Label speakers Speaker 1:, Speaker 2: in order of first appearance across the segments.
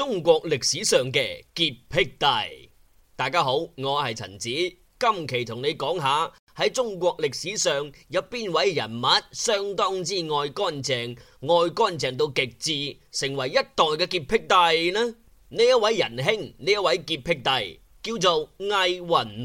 Speaker 1: 中國歷史上嘅潔癖帝，大家好，我係陳子，今期同你講下喺中國歷史上有邊位人物相當之愛乾淨，愛乾淨到極致，成為一代嘅潔癖帝呢？呢一位仁兄，呢一位潔癖帝叫做倪雲林，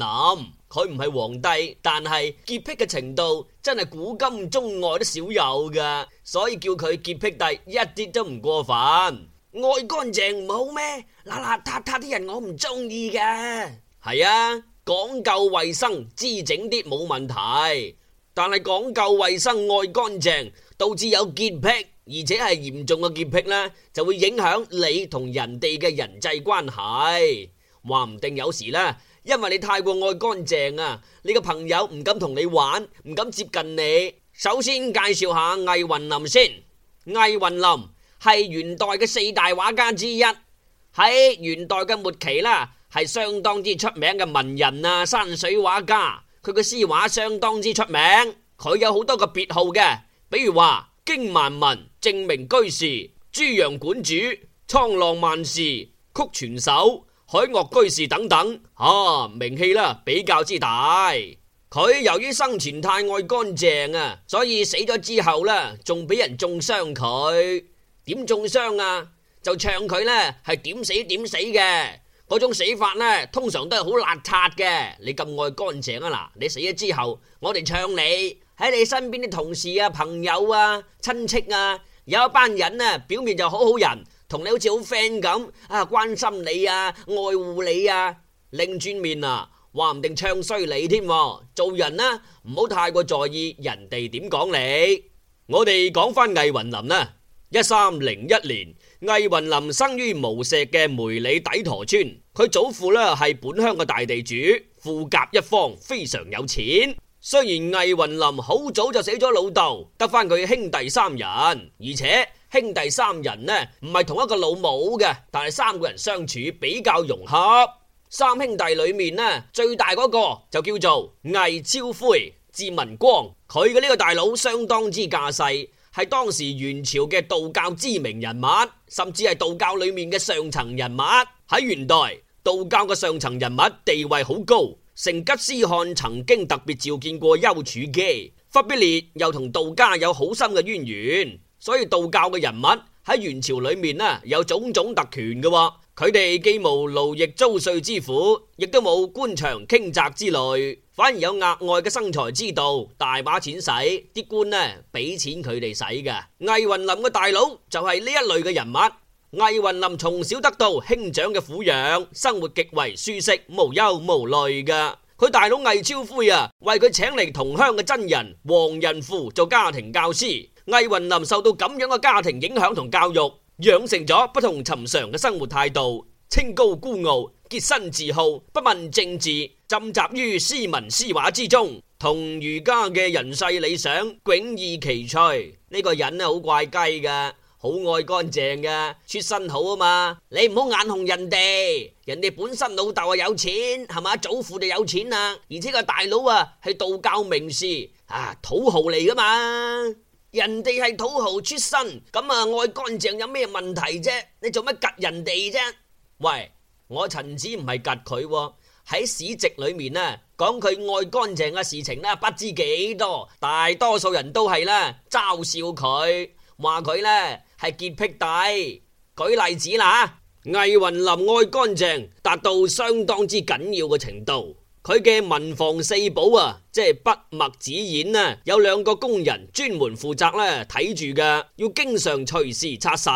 Speaker 1: 佢唔係皇帝，但係潔癖嘅程度真係古今中外都少有噶，所以叫佢潔癖帝一啲都唔過分。愛乾淨唔好咩？邋邋遢遢啲人我唔中意嘅。係啊，講究衛生、知整啲冇問題。但係講究衛生、愛乾淨，導致有潔癖，而且係嚴重嘅潔癖呢，就會影響你同人哋嘅人際關係。話唔定有時呢，因為你太過愛乾淨啊，你個朋友唔敢同你玩，唔敢接近你。首先介紹下倪雲林先，倪雲林。係元代嘅四大畫家之一，喺元代嘅末期啦，係相當之出名嘅文人啊，山水畫家，佢嘅詩畫相當之出名。佢有好多個別號嘅，比如話經萬民、正明居士、朱陽館主、滄浪萬事、曲全手、海岳居士等等，吓、啊、名氣呢比較之大。佢由於生前太愛乾淨啊，所以死咗之後呢，仲俾人中傷佢。點中傷啊？就唱佢呢，係點死點死嘅嗰種死法呢，通常都係好邋遢嘅。你咁愛乾淨啊？嗱，你死咗之後，我哋唱你喺你身邊啲同事啊、朋友啊、親戚啊，有一班人啊，表面就好好人，同你好似好 friend 咁啊，關心你啊，愛護你啊，擰轉面啊，話唔定唱衰你添。做人啊，唔好太過在意人哋點講你。我哋講翻倪雲林啦。一三零一年，倪雲林生於無錫嘅梅里底陀村。佢祖父呢係本鄉嘅大地主，富甲一方，非常有錢。雖然倪雲林好早就死咗老豆，得返佢兄弟三人。而且兄弟三人呢唔係同一個老母嘅，但係三個人相處比較融洽。三兄弟裏面呢最大嗰個就叫做倪昭奎、字文光。佢嘅呢個大佬相當之架勢。係當時元朝嘅道教知名人物，甚至係道教裏面嘅上層人物。喺元代，道教嘅上層人物地位好高。成吉思汗曾經特別召見過丘處機，忽必烈又同道家有好深嘅淵源，所以道教嘅人物喺元朝裏面呢，有種種特權嘅。佢哋既無勞役租稅之苦，亦都冇官場傾軋之累，反而有額外嘅生財之道，大把錢使。啲官呢俾錢佢哋使嘅。倪雲林嘅大佬就係呢一類嘅人物。倪雲林從小得到兄長嘅撫養，生活極為舒適，無憂無慮嘅。佢大佬倪超輝啊，為佢請嚟同鄉嘅真人王仁富做家庭教師。倪雲林受到咁樣嘅家庭影響同教育。養成咗不同尋常嘅生活態度，清高孤傲，潔身自好，不問政治，浸習於詩文詩畫之中，同儒家嘅人世理想迥異其趣。呢個人好怪雞噶，好愛乾淨噶，出身好啊嘛，你唔好眼紅人哋，人哋本身老豆啊有錢係嘛，祖父就有錢啦，而且個大佬啊係道教名士啊，土豪嚟噶嘛。人哋係土豪出身，咁、嗯、啊愛乾淨有咩問題啫？你做乜夾人哋啫？喂，我陳子唔係夾佢喎，喺史籍裏面呢講佢愛乾淨嘅事情呢不知幾多，大多數人都係呢嘲笑佢，話佢呢係潔癖帝。舉例子啦吓，倪雲林愛乾淨達到相當之緊要嘅程度。佢嘅文房四寶啊，即係筆墨紙硯啊，有兩個工人專門負責啦，睇住噶，要經常隨時擦洗，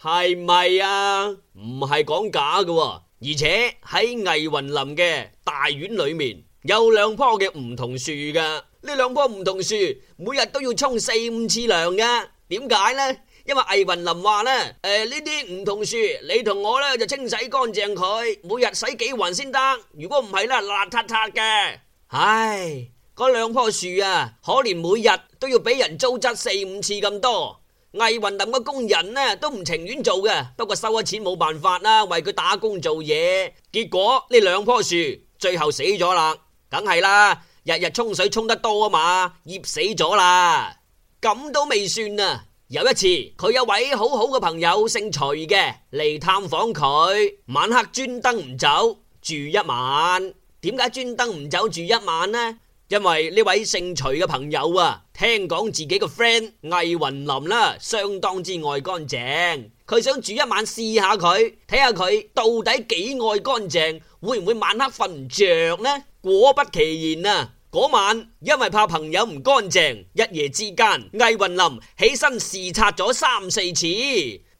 Speaker 1: 係咪啊？唔係講假噶，而且喺倪雲林嘅大院裏面，有兩棵嘅梧桐樹噶，呢兩棵梧桐樹每日都要沖四五次涼噶，點解呢？因為倪雲林話呢，誒呢啲梧桐樹，你同我呢就清洗乾淨佢，每日洗幾匀先得。如果唔係呢，邋遢遢嘅。唉，嗰兩棵樹啊，可憐，每日都要俾人糟質四五次咁多。倪雲林個工人呢都唔情願做嘅，不過收咗錢冇辦法啦，為佢打工做嘢。結果呢兩棵樹最後死咗啦，梗係啦，日日沖水沖得多啊嘛，淹死咗啦，咁都未算啊。有一次，佢有位好好嘅朋友姓徐嘅嚟探訪佢，晚黑專登唔走住一晚。點解專登唔走住一晚呢？因為呢位姓徐嘅朋友啊，聽講自己個 friend 倪雲林啦、啊，相當之愛乾淨，佢想住一晚試下佢，睇下佢到底幾愛乾淨，會唔會晚黑瞓唔着呢？果不其然啊！嗰晚，因為怕朋友唔乾淨，一夜之間倪雲林起身視察咗三四次。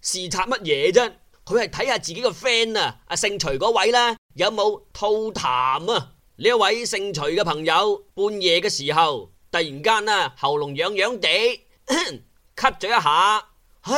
Speaker 1: 視察乜嘢啫？佢係睇下自己個 friend 啊，阿姓徐嗰位呢？有冇吐痰啊？呢位姓徐嘅朋友半夜嘅時候，突然間啊喉嚨癢癢地，咳咗一下，唉，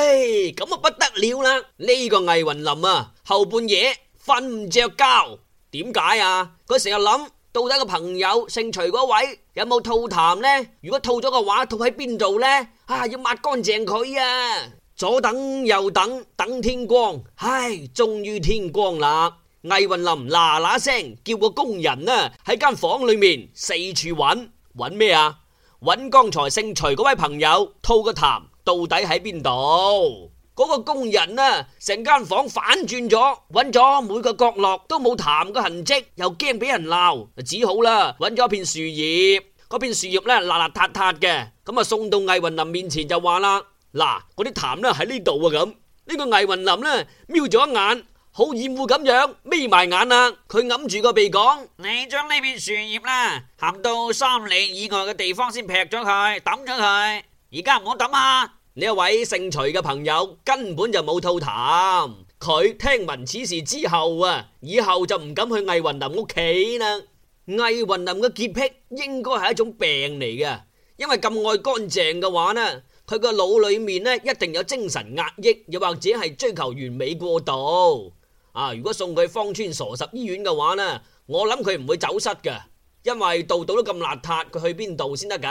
Speaker 1: 咁啊不得了啦！呢個倪雲林啊，後半夜瞓唔着覺，點解啊？佢成日諗。到底個朋友姓徐嗰位有冇吐痰呢？如果吐咗嘅話，吐喺邊度呢？啊，要抹乾淨佢啊！左等右等，等天光，唉，終於天光啦！倪雲林嗱嗱、呃呃、聲叫個工人啊，喺間房裏面四處揾，揾咩啊？揾剛才姓徐嗰位朋友吐個痰到底喺邊度？嗰個工人呢、啊，成間房反轉咗，揾咗每個角落都冇痰嘅痕跡，又驚俾人鬧，只好啦，揾咗片樹葉，片樹葉咧邋邋遢遢嘅，咁啊送到倪雲林面前就話啦，嗱，嗰啲痰咧喺呢度啊咁，呢、這個倪雲林呢，瞄咗一眼，好厭惡咁樣，眯埋眼啦，佢揞住個鼻講，你將呢片樹葉啦，行到三里以外嘅地方先劈咗佢，抌咗佢，而家唔好抌啊！呢位姓徐嘅朋友根本就冇吐痰，佢聽聞此事之後啊，以後就唔敢去倪雲林屋企啦。倪雲林嘅潔癖應該係一種病嚟嘅，因為咁愛乾淨嘅話呢，佢個腦裏面呢一定有精神壓抑，又或者係追求完美過度。啊，如果送佢去芳村傻十醫院嘅話呢，我諗佢唔會走失嘅。因為度度都咁邋遢，佢去邊度先得噶？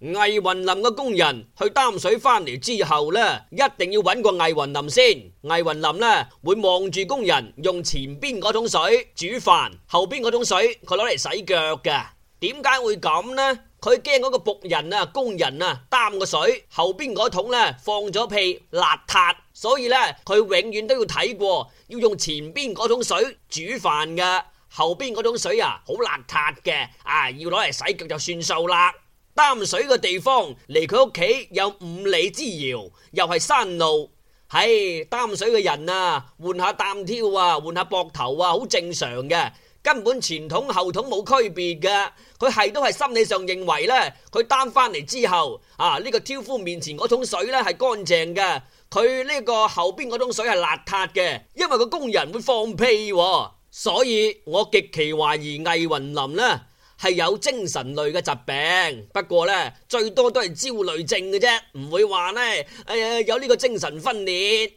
Speaker 1: 倪雲林嘅工人去擔水翻嚟之後呢，一定要揾個倪雲林先。倪雲林呢會望住工人用前邊嗰桶水煮飯，後邊嗰桶水佢攞嚟洗腳嘅。點解會咁呢？佢驚嗰個僕人啊，工人啊，擔個水後邊嗰桶呢，放咗屁邋遢，所以呢，佢永遠都要睇過，要用前邊嗰桶水煮飯噶。後邊嗰種水啊，好邋遢嘅，啊，要攞嚟洗腳就算數啦。擔水嘅地方離佢屋企有五里之遙，又係山路。唉、哎，擔水嘅人啊，換下擔挑啊，換下膊頭啊，好、啊、正常嘅。根本前桶後桶冇區別嘅。佢係都係心理上認為呢，佢擔翻嚟之後，啊，呢、這個挑夫面前嗰桶水呢係乾淨嘅，佢呢個後邊嗰桶水係邋遢嘅，因為個工人會放屁、哦。所以我極其懷疑倪雲林咧係有精神類嘅疾病，不過咧最多都係焦慮症嘅啫，唔會話咧誒有呢個精神分裂。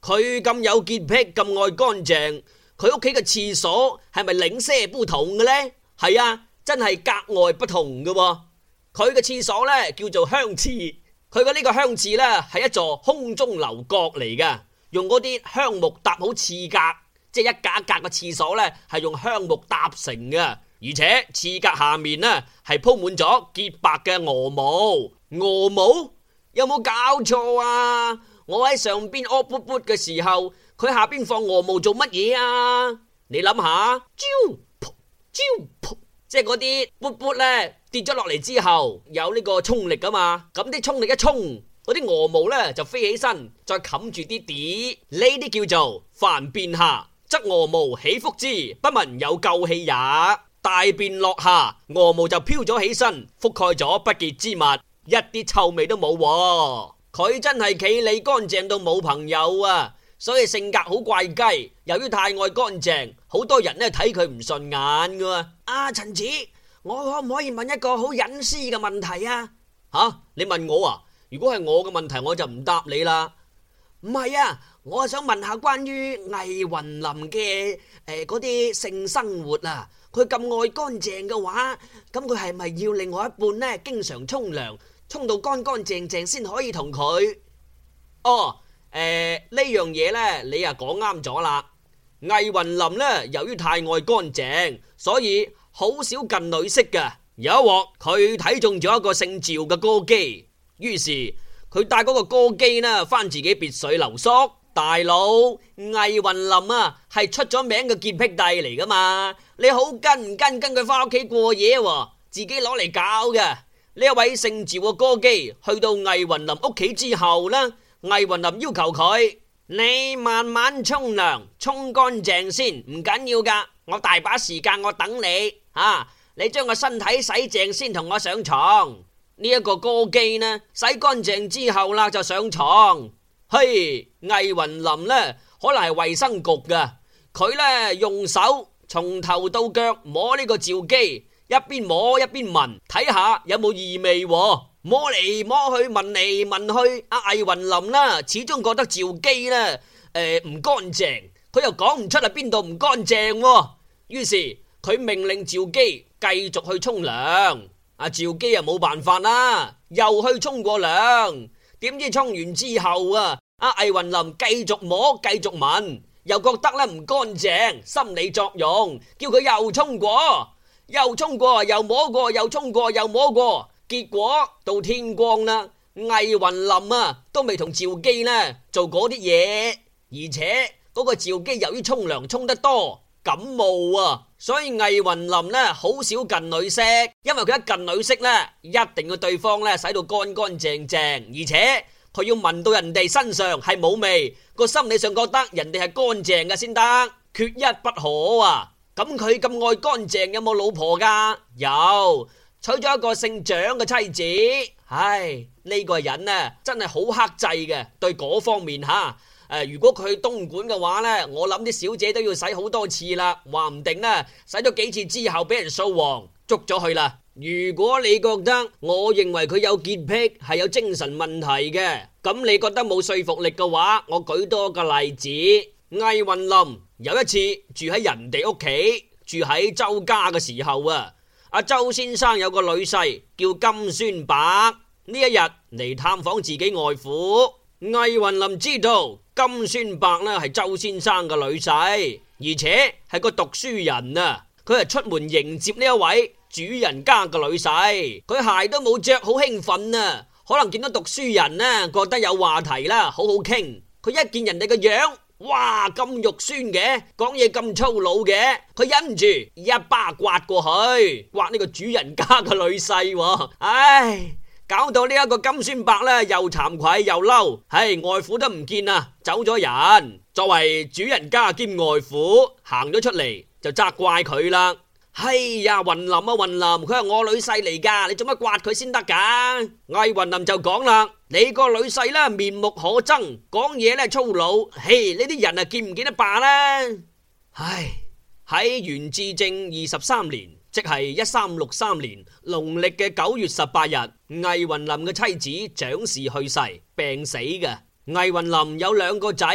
Speaker 1: 佢咁有潔癖，咁愛乾淨，佢屋企嘅廁所係咪另些不同嘅呢？係啊，真係格外不同嘅啊。佢嘅廁所呢叫做香廁，佢嘅呢個香廁呢係一座空中樓閣嚟嘅，用嗰啲香木搭好廁格。即係一格一格嘅廁所呢，係用香木搭成嘅，而且廁格下面呢，係鋪滿咗潔白嘅鵝毛。鵝毛？有冇搞錯啊？我喺上邊屙噗噗嘅時候，佢下邊放鵝毛做乜嘢啊？你諗下，蕉蒲蕉蒲，即係嗰啲噗噗呢，跌咗落嚟之後有呢個衝力噶嘛？咁啲衝力一衝，嗰啲鵝毛呢，就飛起身，再冚住啲碟，呢啲叫做飯變下。則鵝毛起覆之，不聞有臭氣也。大便落下，鵝毛就飄咗起身，覆蓋咗不潔之物，一啲臭味都冇。佢真係企你乾淨到冇朋友啊！所以性格好怪雞。由於太愛乾淨，好多人呢睇佢唔順眼噶。阿陳、啊、子，我可唔可以問一個好隱私嘅問題啊？吓、啊，你問我啊？如果係我嘅問題，我就唔答你啦。唔係啊？我啊想問下關於倪雲林嘅誒嗰啲性生活啊，佢咁愛乾淨嘅話，咁佢係咪要另外一半呢？經常沖涼，沖到乾乾淨淨先可以同佢哦？誒呢樣嘢呢，你啊講啱咗啦。倪雲林呢，由於太愛乾淨，所以好少近女色嘅。有一鑊佢睇中咗一個姓趙嘅歌姬，於是佢帶嗰個歌姬呢返自己別墅留宿。大佬倪雲林啊，係出咗名嘅潔癖帝嚟噶嘛？你好跟唔跟跟佢返屋企過夜喎、啊？自己攞嚟搞嘅呢一位姓趙嘅歌姬，去到倪雲林屋企之後啦，倪雲林要求佢：你慢慢沖涼，沖乾淨先，唔緊要噶，我大把時間，我等你吓、啊，你將個身體洗淨先，同我上床。呢、這、一個歌姬呢，洗乾淨之後啦，就上床。嘿，hey，倪雲林呢，可能係衛生局㗎。佢呢，用手從頭到腳摸呢個趙姬，一邊摸一邊聞，睇下有冇異味。摸嚟摸去，聞嚟聞去，阿倪雲林啦，始終覺得趙姬呢誒，唔乾淨。佢又講唔出啊邊度唔乾淨、哦。於是佢命令趙姬繼續去沖涼。阿趙姬又冇辦法啦，又去沖過涼。點知沖完之後啊，阿倪雲林繼續摸繼續聞，又覺得咧唔乾淨，心理作用，叫佢又沖過，又沖過，又摸過，又沖過，又摸過，過，過，結果到天光啦，倪雲林啊都未同趙姬呢做嗰啲嘢，而且嗰個趙姬由於沖涼沖得多。感冒啊，所以倪雲林咧好少近女色，因為佢一近女色咧，一定要對方咧洗到乾乾淨淨，而且佢要聞到人哋身上係冇味，個心理上覺得人哋係乾淨嘅先得，缺一不可啊！咁佢咁愛乾淨，有冇老婆噶？有，娶咗一個姓蔣嘅妻子。唉，呢、這個人呢，真係好克制嘅，對嗰方面吓。誒，如果佢去東莞嘅話呢，我諗啲小姐都要洗好多次啦，話唔定咧洗咗幾次之後俾人掃黃捉咗去啦。如果你覺得我認為佢有潔癖係有精神問題嘅，咁你覺得冇說服力嘅話，我舉多個例子。倪雲林有一次住喺人哋屋企，住喺周家嘅時候啊，阿周先生有個女婿叫金宣伯，呢一日嚟探訪自己外父，倪雲林知道。金宣伯咧係周先生嘅女婿，而且係個讀書人啊！佢係出門迎接呢一位主人家嘅女婿，佢鞋都冇着，好興奮啊！可能見到讀書人呢，覺得有話題啦，好好傾。佢一見人哋嘅樣，哇，咁肉酸嘅，講嘢咁粗魯嘅，佢忍唔住一巴刮過去，刮呢個主人家嘅女婿喎，唉、哎。搞到呢一個金宣伯呢，又慚愧又嬲，唉，外父都唔見啊，走咗人。作為主人家兼外父，行咗出嚟就責怪佢啦。哎呀，雲林啊，雲林，佢係我女婿嚟噶，你做乜刮佢先得噶？倪雲林就講啦：你個女婿呢，面目可憎，講嘢呢粗魯，嘿，呢啲人啊見唔見得罷啦？唉，喺元至正二十三年。即係一三六三年農曆嘅九月十八日，倪雲林嘅妻子蔣氏去世病死嘅。倪雲林有兩個仔，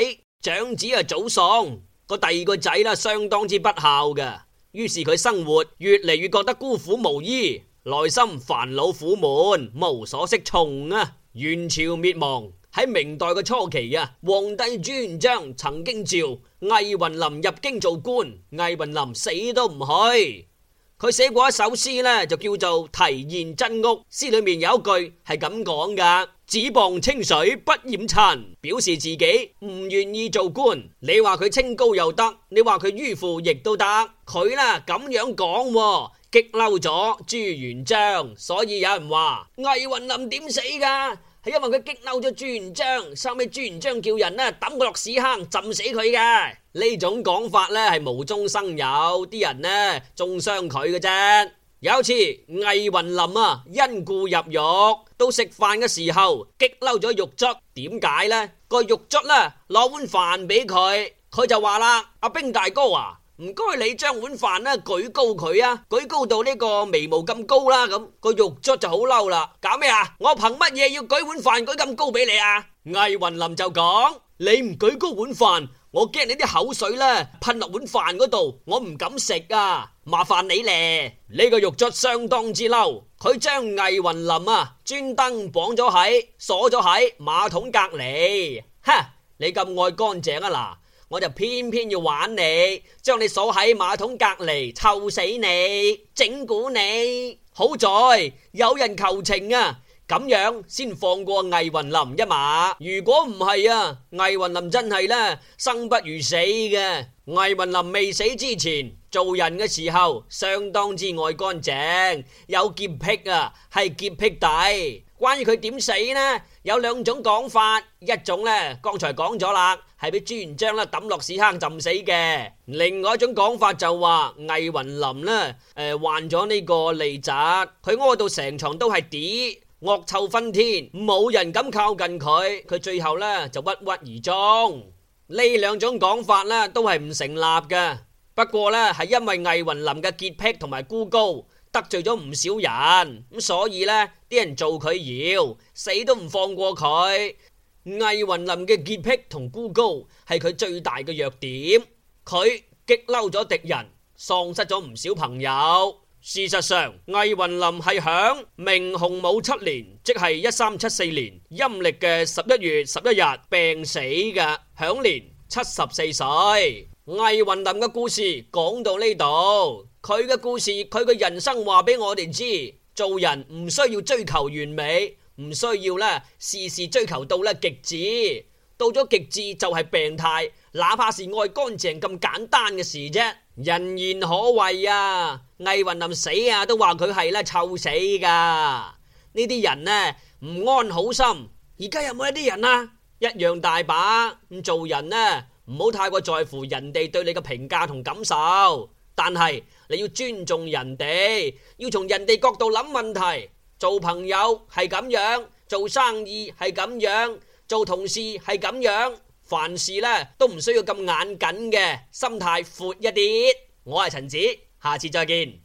Speaker 1: 長子啊早喪，個第二個仔呢，相當之不孝嘅。於是佢生活越嚟越覺得孤苦無依，內心煩惱苦悶，無所適從啊。元朝滅亡喺明代嘅初期啊，皇帝朱元璋曾經召倪雲林入京做官，倪雲林死都唔去。佢寫過一首詩咧，就叫做《題彥真屋》。詩裏面有一句係咁講噶：只傍清水不染塵，表示自己唔願意做官。你話佢清高又得，你話佢迂腐亦都得。佢咧咁樣講，激嬲咗朱元璋，所以有人話倪雲林點死噶。係因為佢激嬲咗朱元璋，收尾朱元璋叫人呢抌佢落屎坑，浸死佢嘅。呢種講法呢係無中生有，啲人呢中傷佢嘅啫。有一次倪雲林啊因故入獄，到食飯嘅時候激嬲咗獄卒，點解呢？個獄卒呢攞碗飯俾佢，佢就話啦：阿兵大哥啊！唔該，你將碗飯呢舉高佢啊，舉高到呢個眉毛咁高啦，咁個獄卒就好嬲啦。搞咩啊？我憑乜嘢要舉碗飯舉咁高俾你啊？倪雲林就講：你唔舉高碗飯，我驚你啲口水啦噴落碗飯嗰度，我唔敢食啊！麻煩你咧，呢個獄卒相當之嬲，佢將倪雲林啊專登綁咗喺鎖咗喺馬桶隔籬。哈！你咁愛乾淨啊嗱？我就偏偏要玩你，將你鎖喺馬桶隔籬，臭死你，整蠱你。好在有人求情啊，咁樣先放過倪雲林一馬。如果唔係啊，倪雲林真係咧生不如死嘅。倪雲林未死之前，做人嘅時候相當之愛乾淨，有潔癖啊，係潔癖底。關於佢點死呢？有兩種講法，一種咧剛才講咗啦。係俾朱元璋啦抌落屎坑浸死嘅。另外一種講法就話倪雲林啦，誒、呃、患咗呢個痢疾，佢屙到成床都係屎，惡臭熏天，冇人敢靠近佢，佢最後呢就鬱鬱而終。呢兩種講法咧都係唔成立嘅。不過呢，係因為倪雲林嘅潔癖同埋孤高得罪咗唔少人，咁所以呢啲人造佢謠，死都唔放過佢。倪雲林嘅潔癖同孤高係佢最大嘅弱點，佢激嬲咗敵人，喪失咗唔少朋友。事實上，倪雲林係響明洪武七年，即係一三七四年陰曆嘅十一月十一日病死嘅，享年七十四歲。倪雲林嘅故事講到呢度，佢嘅故事，佢嘅人生話俾我哋知，做人唔需要追求完美。唔需要咧，事事追求到咧極致，到咗極致就係病態，哪怕是愛乾淨咁簡單嘅事啫。人言可畏啊，倪雲林死啊都話佢係啦臭死噶，呢啲人呢唔安好心。而家有冇一啲人啊？一樣大把咁做人呢，唔好太過在乎人哋對你嘅評價同感受，但係你要尊重人哋，要從人哋角度諗問題。做朋友係咁樣，做生意係咁樣，做同事係咁樣，凡事咧都唔需要咁眼緊嘅，心態闊一啲。我係陳子，下次再見。